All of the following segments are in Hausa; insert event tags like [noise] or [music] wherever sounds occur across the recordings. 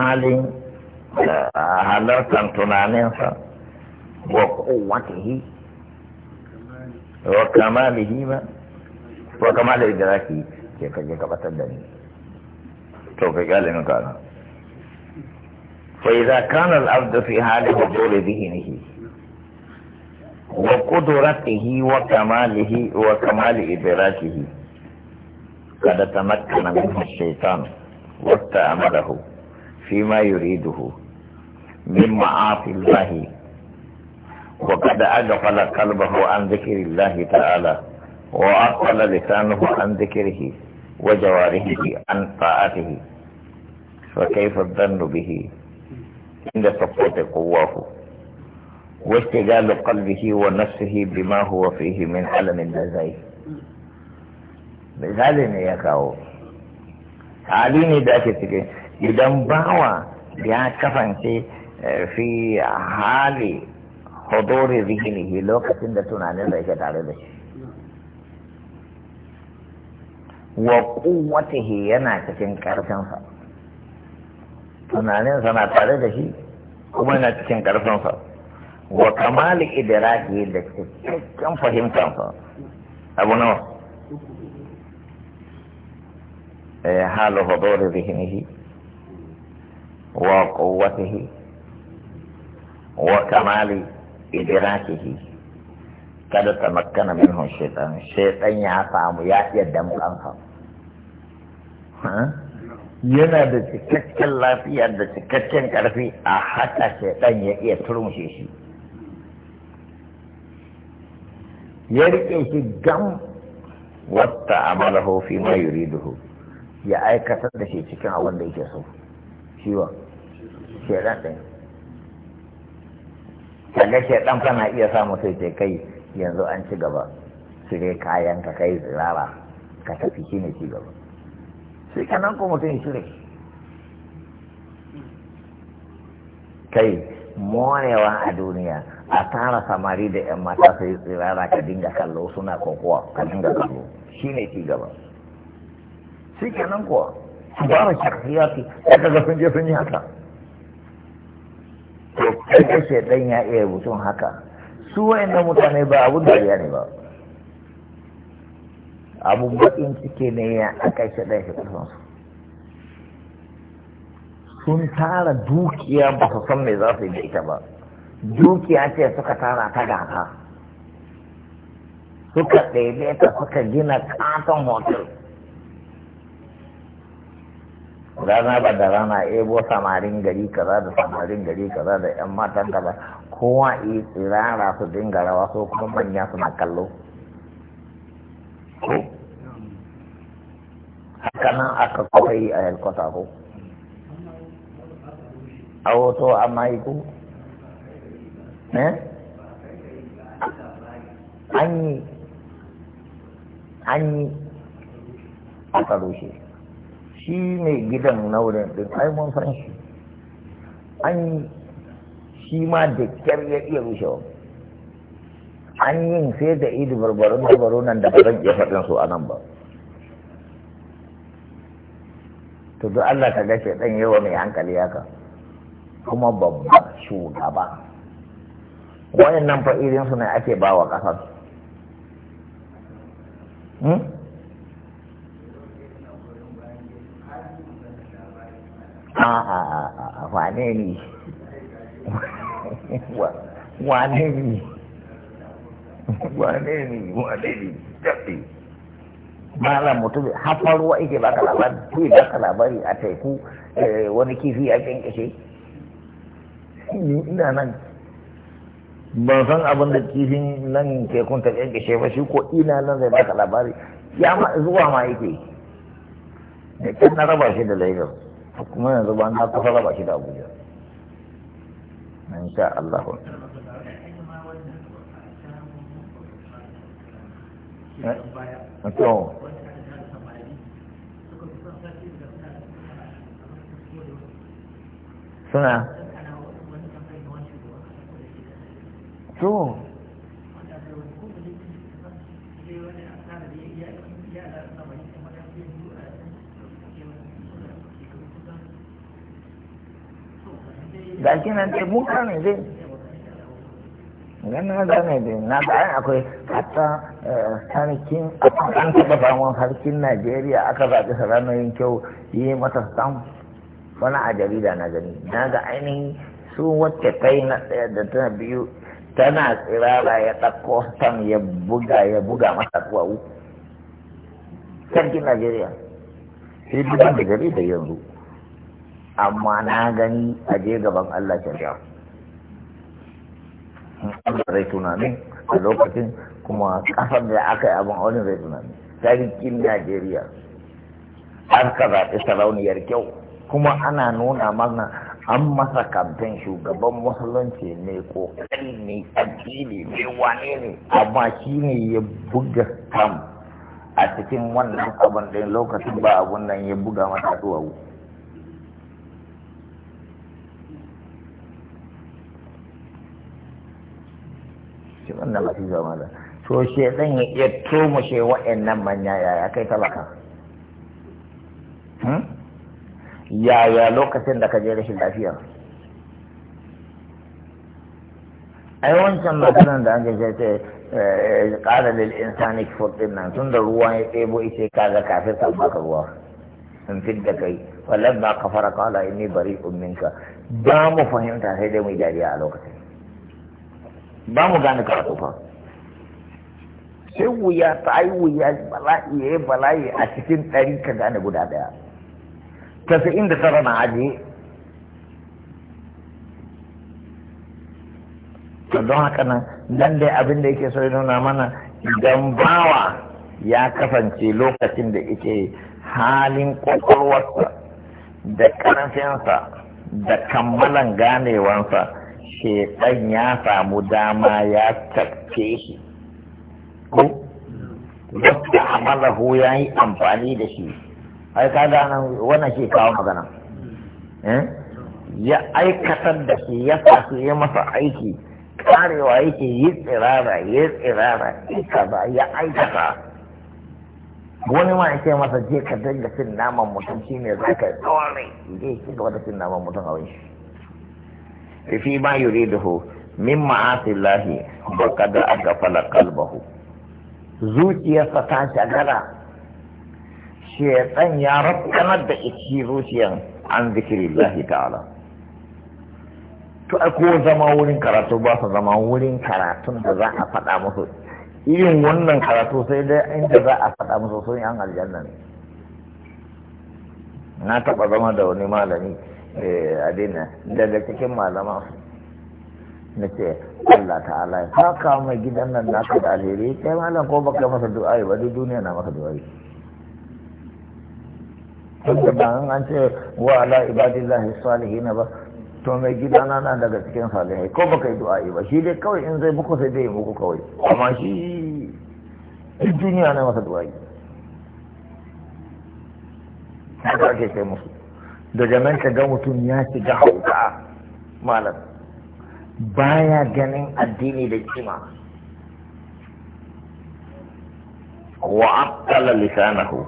halin halartar tunaninsa wa kowatihi wa kamalihi ba wa kamalin da ke kaje gabatar da ni to ka kyale min kana fa idza kana al abd fi hali huduri dhihnihi wa qudratihi wa kamalihi wa kamali idrakihi kada tamakkana min ash-shaytan wa ta'amalahu فيما يريده من معاصي الله وقد أغفل قلبه عن ذكر الله تعالى وأغفل لسانه عن ذكره وجواره عن طاعته فكيف الظن به عند سقوط قواه واشتغال قلبه ونفسه بما هو فيه من ألم النزيه misali يا كاو تعاليني hali idan bawa ya kasance eh, fi hali hudori zihinihi lokacin da tunanin da yake tare da shi wa kuwatihi yana cikin ƙarfinsa tunaninsa na tare da shi kuma yana cikin ƙarfinsa wa kamali idiraki da cikakken fahimtansa abu nawa eh, halu hudori zihinihi وقوته وكمال إدراكه kada min minhu shaitan shaitan ya samu ya iya damkansa yana da cikakken lafiya da cikakken karfi a haka shaitan ya iya turmushe shi ya rike shi gam wata amalahu fi ma yuriduhu ya aikatar da shi cikin abin da yake so shiwa shaidan ɗin kaga shaidan kana iya sa mutu ce kai yanzu an ci gaba cire kayan ka kai zirara ka tafi shi ne ci gaba sai kanan ko mutum cire kai morewa a duniya a tara samari da 'yan mata su yi tsirara ka dinga kallo suna kokowa ka dinga kallo shi ne ci gaba shi kenan kuwa ba da shakhsiyati sai kaga sun je sun yi haka ita shaidan ya iya mutum haka su wa'annan mutane ba abun dariya ne ba abun baƙin cike ne ya aka shaidan shi sun tara dukiya ba su san me za su yi da ita ba dukiya ce suka tara ta gasa suka ɗaiɗaita suka gina ƙaton hotel rana ba da rana ebo samarin gari kaza da samarin gari kaza da yan matan ba kowa yi tsirara su dinga rawa so kuma manya suna kallo Hakanan nan aka kwafayi a yalkwata ko a hoto amma yi ku eh? an yi an yi aka rushe shi ne gidan naurin din ai mun san shi an shi ma da kyar ya iya rushewa an yin sai da idi barbarun barbarun nan da ba zan iya faɗin su a nan ba to duk Allah ka gashe ɗan yawa mai hankali haka kuma babba shugaba wayannan fa'irin su ne ake ba wa ƙasar hmm? a wane ne wane ne wane ne wane ne daɗe malam mutum hafa ruwa ike baka labari ke baka labari a teku eh, wani kifi a kyankashe ni ina nan ban san abin da kifin nan tekun ta kyankashe ba shi ko ina nan zai baka labari ya ma zuwa ma yake da kyan na raba shi da lagos kuma yanzu ba na kusa raba shi da abuja in sha Allah eh? suna to ga shi nan dai mun kane dai na zane dai na da akwai hatta eh, sarkin an taba samun harkin najeriya aka zaɓi saranayin kyau yi mata sam wani a jarida na gani na ga ainihin su wacce ta yi na ɗaya da ta biyu tana tsirara ya ɗauko sam ya buga ya buga mata kuwa sarkin najeriya sai bugan da jarida yanzu amma na gani a je gaban Allah ja rai tunani a lokacin kuma kasar da aka yi abin wani rai tunani Tarikin Najeriya an ka zaɓi sarauniyar kyau kuma ana nuna mana an masa kamfen shugaban musulunci ne kokari ne addini ne wane ne amma shi ne ya buga stamp a cikin wannan abin ɗin lokacin ba abun nan ya buga mata duwawu ce wannan mafi zama da to shedan ya iya tomushe wa'annan manya yaya kai talaka hmm? yaya lokacin da ka je rashin lafiya ai wancan maganar da an gaje ce eh, eh, ƙara lil insani furdin nan tun da ruwa ya ɗebo ice kaga kafin ta baka ruwa in fit da kai wallan ba ka fara kala inni bari minka ba mu fahimta sai dai mu jariya a lokacin ba mu gane a tsofa sai wuya ta ai wuya bala'i ya eh, yi bala'i a cikin ɗari ka gane guda ɗaya tasa'in da tara na ajiye to don haka nan nan dai abin da yake so nuna mana idan bawa ya kasance lokacin da yake halin kwakwalwarsa da karfinsa da kammalan ganewansa shekan ya samu dama ya tafke shi ko wata amalahu ya yi amfani da shi ai ka nan wannan shi kawo magana eh? ya aikatar da shi ya sa ya masa aiki karewa yake yi tsirara yi tsirara ita ba ya aikata wani ma yake masa je ka dinga cin naman mutum shine zaka tsawarai ya ki gaba da cin naman mutum a wani fi ma yuriduhu min ma'asi lahi ba kada aka fala kalbahu zuciyarsa ta shagala shaitan ya rafkanar da iski zuciyan an zikirin lahi ta'ala to a ko zama wurin karatu ba su zama wurin karatun da za a faɗa musu irin wannan karatu sai dai inda za a faɗa musu sun yi an aljanna ne na taɓa zama da wani malami Eh, adina daga cikin malama na ce Allah ta'ala ya ka mai gidan nan naka da alheri kai malam ko baka masa du'a ba duk duniya na maka du'a'i tunda ba an ce wa ala ibadillahi salihin ba to mai gidana na daga cikin salihai ko baka yi du'a ba shi dai kawai in zai muku sai dai muku kawai amma shi duk duniya na masa du'a haka ake ce musu daga nan ka ga mutum ya shiga hauka malam baya ganin addini da kima wa abtala lisanahu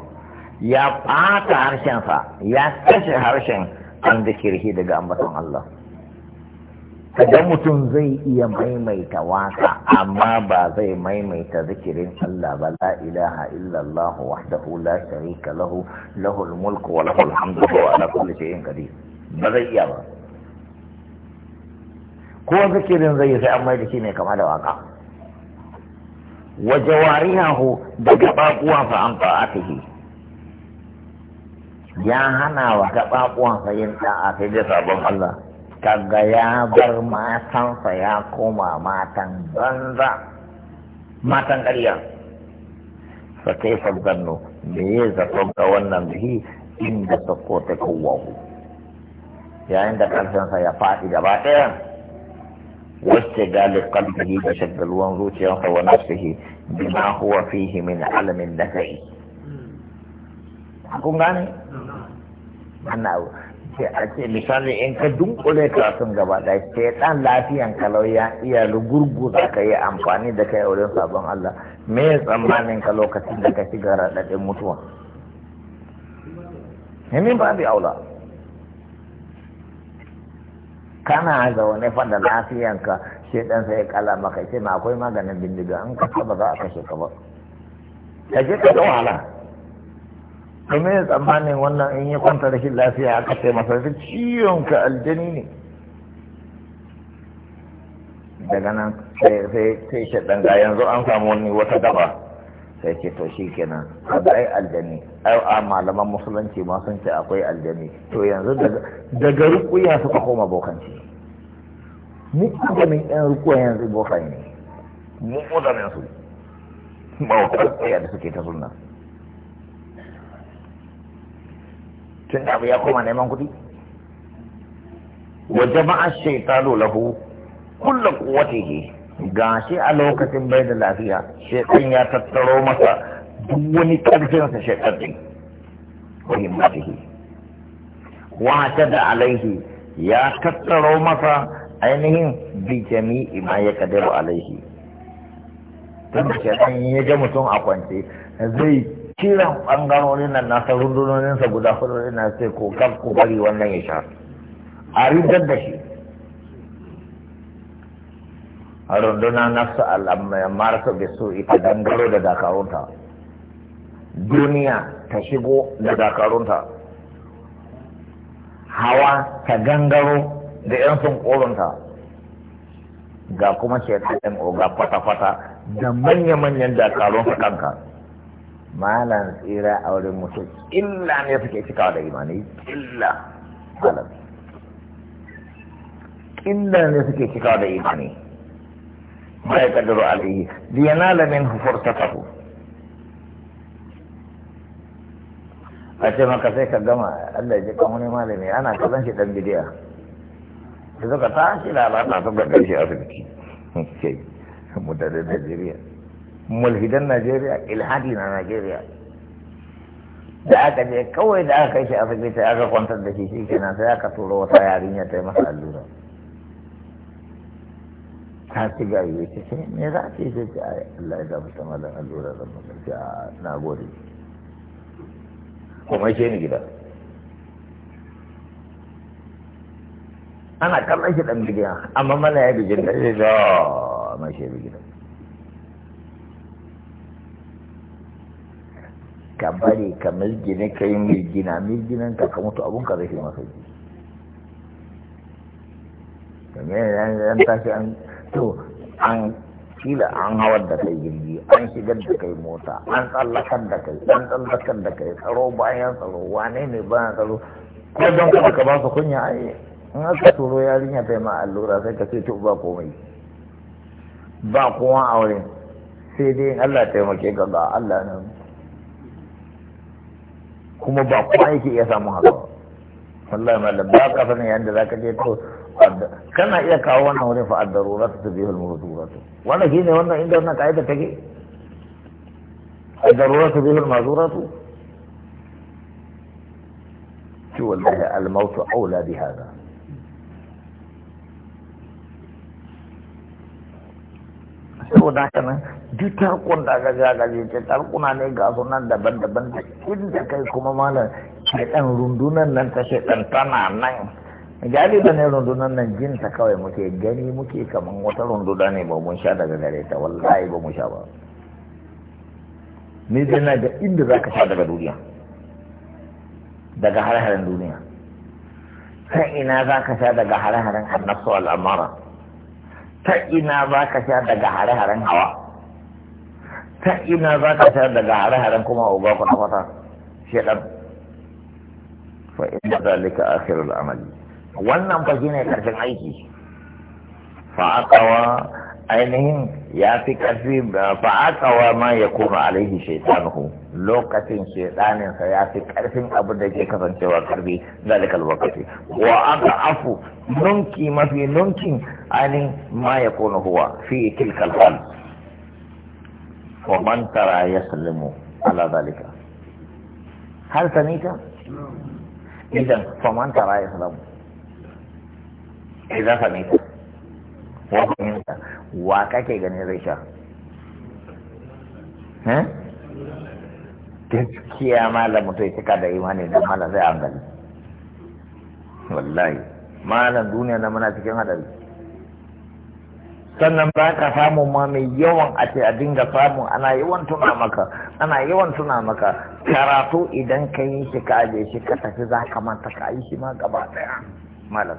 ya ɓata harshensa ya kashe harshen an da kirhi daga ambaton Allah idan mutum zai iya maimaita waka amma ba zai maimaita zikirin Allah ba la ilaha illallah wahdahu la sharika lahu lahul mulku wa lahul hamdu wa ala kulli shay'in qadir ba zai iya ba ko zikirin zai sai amma da shi ne kama da waka wa jawarihahu da gababuwa fa an fa'atihi ya hana wa gababuwan sayin da'a sai da sabon Allah kaga ya bar matansa ya koma matan banza matan ƙarya sa kai sabganno me ya zato ga wannan bihi inda ko ta kowahu yayin da ƙarshensa ya faɗi gaba ɗaya wacce galib kalbihi da shagaluwan zuciyarsa wa nafsihi bima huwa fihi min alamin da kai kun gane sai a ce misali in ka dunkule sun gaba da ke dan lafiyan kalau ya iya lugurgu da ka yi amfani da kai wurin sabon Allah me ya tsammanin ka lokacin da ka shiga radadin mutuwa himin ba bi aula kana zaune fa da ka, sai dan sai kala maka sai ma akwai maganin bindiga an ka ba za a kashe ka ba ka je ka wahala domin ya tsammanin wannan in ya kwanta rashin lafiya aka ce masa ta ciwon ka aljani ne daga nan sai sai shaɗan ga yanzu an samu wani wata gaba sai ce to shi kenan kada ai aljani a malaman musulunci ma sun ce akwai aljani to yanzu daga rukuya suka koma bokanci ni adamin yan rukuya yanzu Bokanci ne mu min su ba wata da suke ta sunna tun abu ya koma neman kuɗi wa jama'a shaitanu lahu kulla ga gashi a lokacin bai da lafiya shaitan ya tattaro masa duk wani karfin sa shaitan din wa himmatihi wa alaihi ya tattaro masa ainihin bi jami'i ma ya kadaru alaihi tun da shaitan ya ga mutum a kwance zai kiran ɓangarorin nan nasa rundunoninsa guda hudu na sai ko kan ko bari wannan ya sha a rindar da shi a runduna nafsu al'ammar su bi so ita dangaro da dakarunta duniya ta shigo da dakarunta hawa ta gangaro da 'yan sun ga kuma shekaru ga kwata-kwata da manya-manyan dakarunsa kanka. malam tsira a wurin mutum illa ne suke cikawa da imani illa malam illa ne suke cikawa da imani bai ya kaddaro alayhi yana la min fursatahu a ce maka sai ka gama Allah ya kan wani malami ana kazan shi dan bidiya da suka tashi lalata suka gaishe asibiti [laughs] mu da Najeriya mulhidan najeriya ilhadi na najeriya da aka je kawai da aka kai shi a ta aka kwantar da shi shikenan sai aka turo wata yarinya ta yi masa allura ta ci gari ya ce me za ce ce ce ai Allah ya gama ta malam allura da mutum ce a ah, nagori. kuma ce ni gida ana kallon shi dan bigiya amma mana ya bigin da shi zo mai shi bidiya ka bari ka mirgine ka yi mirgina mirginan ka mutu abun ka zai masa ji kamar yan tashi an to an kila an hawar da kai jirgi an shigar da kai mota an tsallakar da kai an tsallakar da kai tsaro bayan tsaro wane ne bayan tsaro ko don kuma ka ba su kunya ai in aka turo yarinya ta ma allura sai ka ce to ba komai ba kowa a wurin sai dai in Allah taimake ka ga Allah nan kuma ba kuma yake iya samun haka ba wallahi malam ba ka sanin yadda zaka je to kana iya kawo wannan wurin fa ad-daruratu tubihul mahzuratu wannan shine wannan inda wannan kaida take ad-daruratu tubihul mahzuratu to wallahi al-mautu aula bi hada sai saboda haka nan duk tarkon da aka ga gaje ce tarkuna ne ga sunan daban-daban da inda kai kuma malam shaidan rundunan nan ta shaidan tana nan da ne rundunan nan jinta kawai muke gani muke kaman wata runduna ne ba mun sha daga gare ta wallahi ba mun sha ba ni dai na ga inda zaka sha daga duniya daga har-haren duniya sai ina zaka sha daga har-haren annabtu al'amara ta ina za ka sha daga hare-haren hawa ta ina za ka sha daga hare-haren kuma uba ku kwata-kwata ɗan fa da zalika shirar amali wannan fa ne karshen aiki fa ainihin ya fi ƙarfi ba a ma ya koma alaihi shaitanuhu lokacin shaitaninsa ya fi ƙarfin abin da ke kasancewa ƙarfi zalikal lokaci wa aka afu nunki mafi nunkin ainihin ma ya kona huwa fi tilkal hal wa man tara ya salimu ala zalika Har sanita idan fa man tara ya salimu idan sanita wa fahimta wa kake ganin zai sha gaskiya malam mutum ya cika da imani da malam zai an gani wallahi malam duniya na muna cikin hadari sannan ba ka samu ma mai yawan a ce a dinga samu ana yawan tuna maka ana yawan tuna maka karatu idan ka yi shi ka aje shi ka tafi za ka manta ka yi shi ma gaba daya malam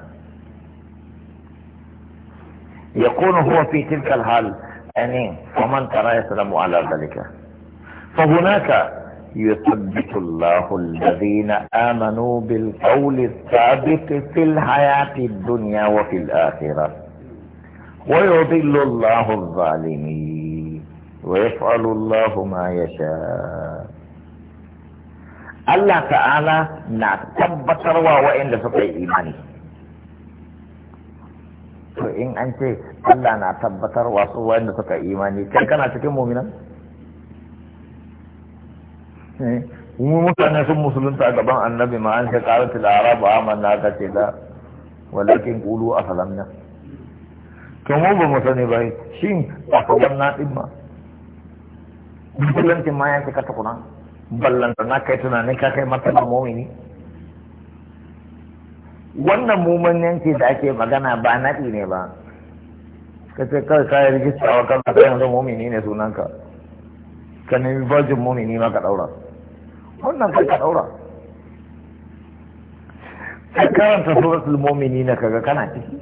يكون هو في تلك الحال يعني ومن ترى يسلم على ذلك فهناك يثبت الله الذين آمنوا بالقول الثابت في الحياة الدنيا وفي الآخرة ويضل الله الظالمين ويفعل الله ما يشاء الله تعالى نعتبر روا وإن لسقي إيمانه in an ce Allah na tabbatar wasu wanda suka imani kai kana cikin muminan eh, mu mutane sun musulunta gaban annabi ma an ba a manna ka ce da walakin kulu a salamna to mu ba mu sani ba shin a kogon na ɗin ma musulunci ma ya ka tukuna ballanta na kai tunanin ka kai mata momini wannan yanki da ake magana ba naɗi ne ba ka ce kawai kayan rijista wa kan ka yanzu mumini ne sunanka ka nemi virgin mumini ma ka ɗaura wannan kai ka ɗaura ka karanta suratul mumini na kaga kana ciki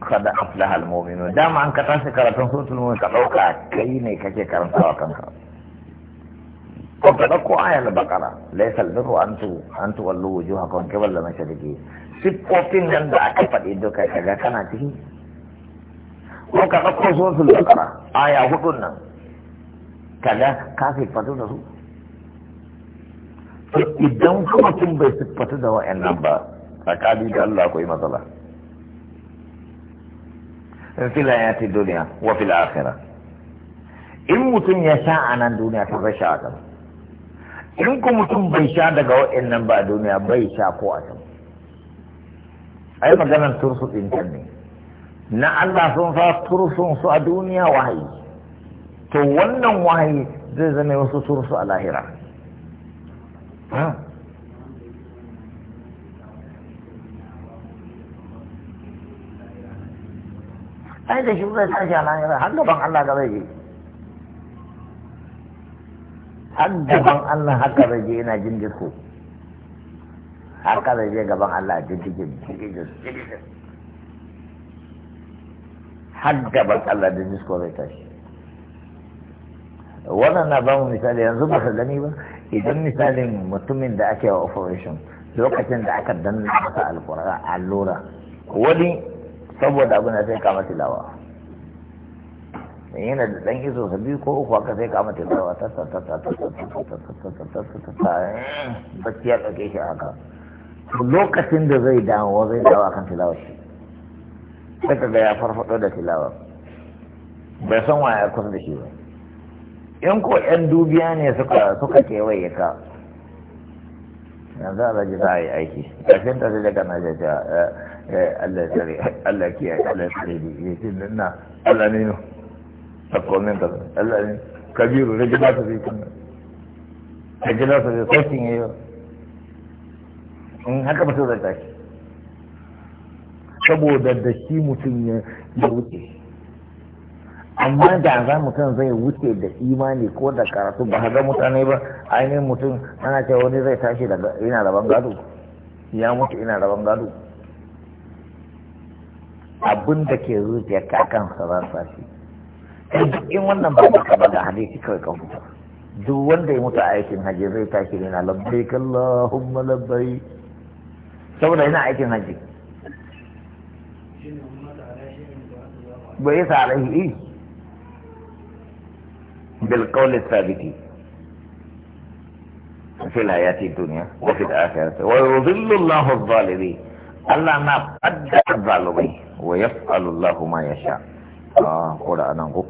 kada aflaha al-mu'minun dama an ka tashi karatun suratul mu'minun ka ɗauka kai ne kake karantawa kanka ka ɗauko ayan bakara laisal birru an tu an tu wallu wujuhakum qibla mashriqi siffofin nan da aka faɗi duka kaga kana ciki ko ka ɗauko suratul bakara aya hudun nan kaga ka siffatu da su idan kuma mutum bai siffatu da nan ba tsakani da Allah akwai matsala In fila ya hayati duniya wa fil akhirah in mutum ya sha a nan duniya ta zai sha in ku mutum bai sha daga waɗannan ba a duniya bai sha ko a can ai maganar turusu ɗin can ne na Allah sun fa tursun su a duniya wahayi to wannan wahayi zai zama wasu tursu a lahira ai da shi zai tashi a lahira har gaban Allah ga zai je har gaban Allah haka zai je yana jin disko haka zai je gaban Allah a jirgin har gaban Allah da disko zai tashi wannan na ba mu misali yanzu ba su gani ba idan misalin mutumin da ake wa operation lokacin da aka danna masa alƙura allura wani saboda abin da sai kama tilawa yana da dan iso sa biyu ko uku aka sai ka mata tsawa ta ta ta ta ta ta ta ta ta ta ta ta ta ta ta ta ta lokacin da zai damuwa zai dawo akan tilawar shi sai ka ga ya farfado da tilawar bai san waya kusa da shi ba in ko yan dubiya ne suka suka kewaye ka yanzu a ji za a yi aiki kafin ta sai daga naje ta Allah ya tsare Allah ya kiyaye Allah ya Allah sakkonin da Allah ne kabiru da gina su zai kunna da gina su zai sakin yayi in haka mutum zai tashi saboda da shi mutum ya wuce amma da za mutum zai wuce da imani ko da karatu ba ga mutane ba ainihin mutum ana cewa wani zai tashi daga ina rabon gado ya mutu ina rabon gado abin da ke zuciya kakan sa za in wannan ba ka ba da hadisi kawai kan mutu duk wanda ya mutu a aikin haji zai tashi ne na labbai kallahumma labbai saboda yana aikin haji bai yi sa alaihi bil qawli thabiti في الحياة الدنيا وفي الآخرة ويضل allah na الله ما قد الظالمين ويفعل الله ما يشاء Ah, a kura anan ko